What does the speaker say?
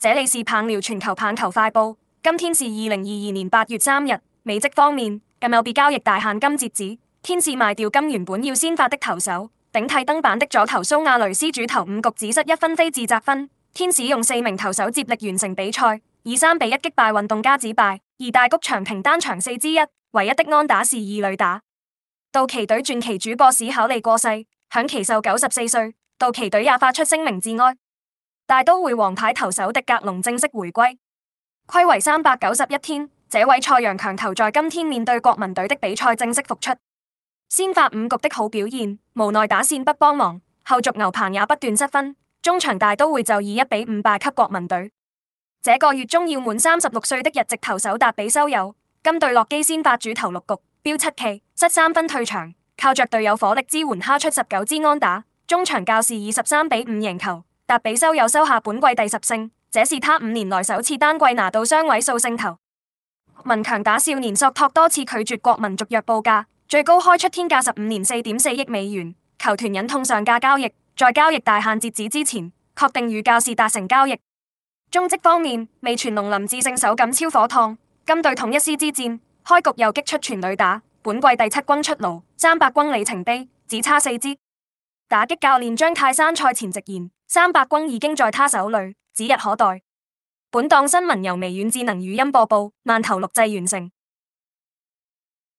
這裏是棒聊全球棒球快報，今天是二零二二年八月三日。美職方面，更有別交易大限今截止。天使賣掉今原本要先發的投手，頂替登板的左投蘇亞雷斯主投五局只失一分非自責分。天使用四名投手接力完成比賽，以三比一擊敗運動家，只敗而大谷場平單場四之一，唯一的安打是二壘打。道奇隊傳奇主播史考利過世，享耆壽九十四歲，道奇隊也發出聲明致哀。大都會王牌投手迪格隆正式回歸，虧為三百九十一天。這位賽揚強投在今天面對國民隊的比賽正式復出，先發五局的好表現，無奈打線不幫忙，後續牛棚也不斷失分，中場大都會就以一比五敗給國民隊。這個月中要滿三十六歲的日籍投手達比修有，今對洛基先發主投六局，飆七 K 失三分退場，靠着隊友火力支援敲出十九支安打，中場教士以十三比五贏球。達比修又收下本季第十勝，這是他五年來首次單季拿到雙位數勝投。文強打少年索托多次拒絕國民續約報價，最高開出天價十五年四點四億美元，球團忍痛上架交易，在交易大限截止之前，確定與教士達成交易。中職方面，未傳龍林智勝手感超火燙，今對統一獅之戰，開局又擊出全壘打，本季第七轟出爐，三百轟里程碑，只差四支。打擊教練張泰山賽前直言：三百轟已經在他手裏，指日可待。本檔新聞由微軟智能語音播報，慢頭錄製完成。